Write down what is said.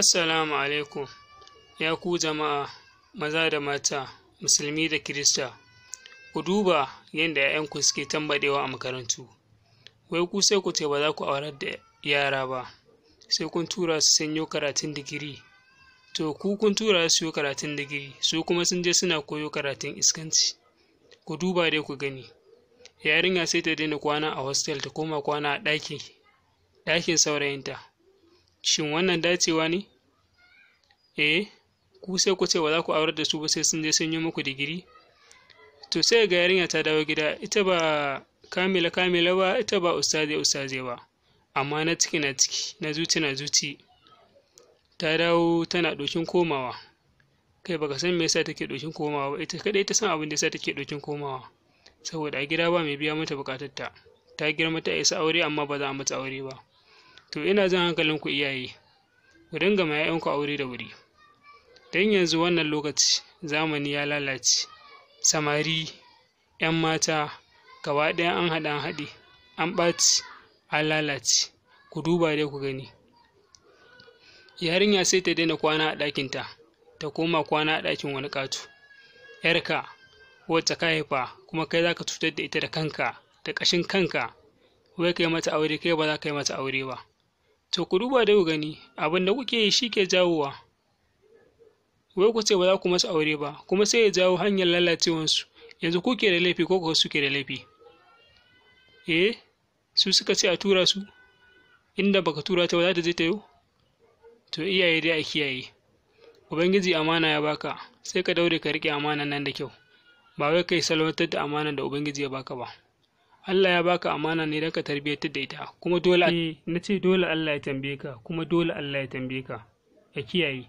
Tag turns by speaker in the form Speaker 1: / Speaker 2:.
Speaker 1: Assalamu alaikum, ya ku jama'a maza da mata, musulmi da Kirista, ku duba yadda ‘ya'yanku suke tambadewa a makarantu, wai ku sai ku ce ba za ku aurar da yara ba, sai kun tura su sanyo karatun digiri, to ku kun tura su yi karatun digiri, su kuma sun je suna koyo karatun iskanci, ku duba dai ku gani, yarinya sai ta daina kwana a hostel ta koma kwana a ɗakin saurayinta. shin wannan dacewa ne eh ku sai ku ce ba za ku aurar da su ba sai sun je sun yi muku digiri to sai ga yarinya ta dawo gida ita ba kamila kamila ba ita ba ustaze ustaze ba amma na ciki na ciki na zuci na zuci ta dawo tana dokin komawa kai baka san me yasa take dokin komawa ba ita kadai ta san abin da yasa take dokin komawa saboda a gida ba mai biya mata bukatarta ta girma ta isa aure amma ba za a mata aure ba to ina jan hankalin ku iyaye ku dinga ma ƴaƴanku aure da wuri don yanzu wannan lokaci zamani ya lalace samari 'yan mata gaba ɗaya an haɗa an haɗe an ɓaci an lalace ku duba dai ku gani yarinya sai ta daina kwana a ɗakinta ta koma kwana a ɗakin wani ƙato ‘yarka wacce ka haifa kuma kai za ka cutar da ita da kanka da ƙashin kanka wai kai mata aure kai ba za ka yi mata aure ba to ku duba da gani abin da kuke yi shi ke jawowa wai ku ce ba za ku masu aure ba kuma sai ya jawo hanyar lalacewansu yanzu kuke da laifi ko kuwa suke da laifi eh su suka ce a tura su inda baka tura ta ba za ta je ta yau to iyaye dai a kiyaye ubangiji amana ya baka sai ka daure ka riƙe amana nan da kyau ba wai kai salwantar da amana da ubangiji ya baka ba Allah ya baka amana ne don ka tarbiyyatar da ita kuma dole eh, na ce dole Allah ya tambaye ka kuma dole Allah ya tambaye ka ya kiyaye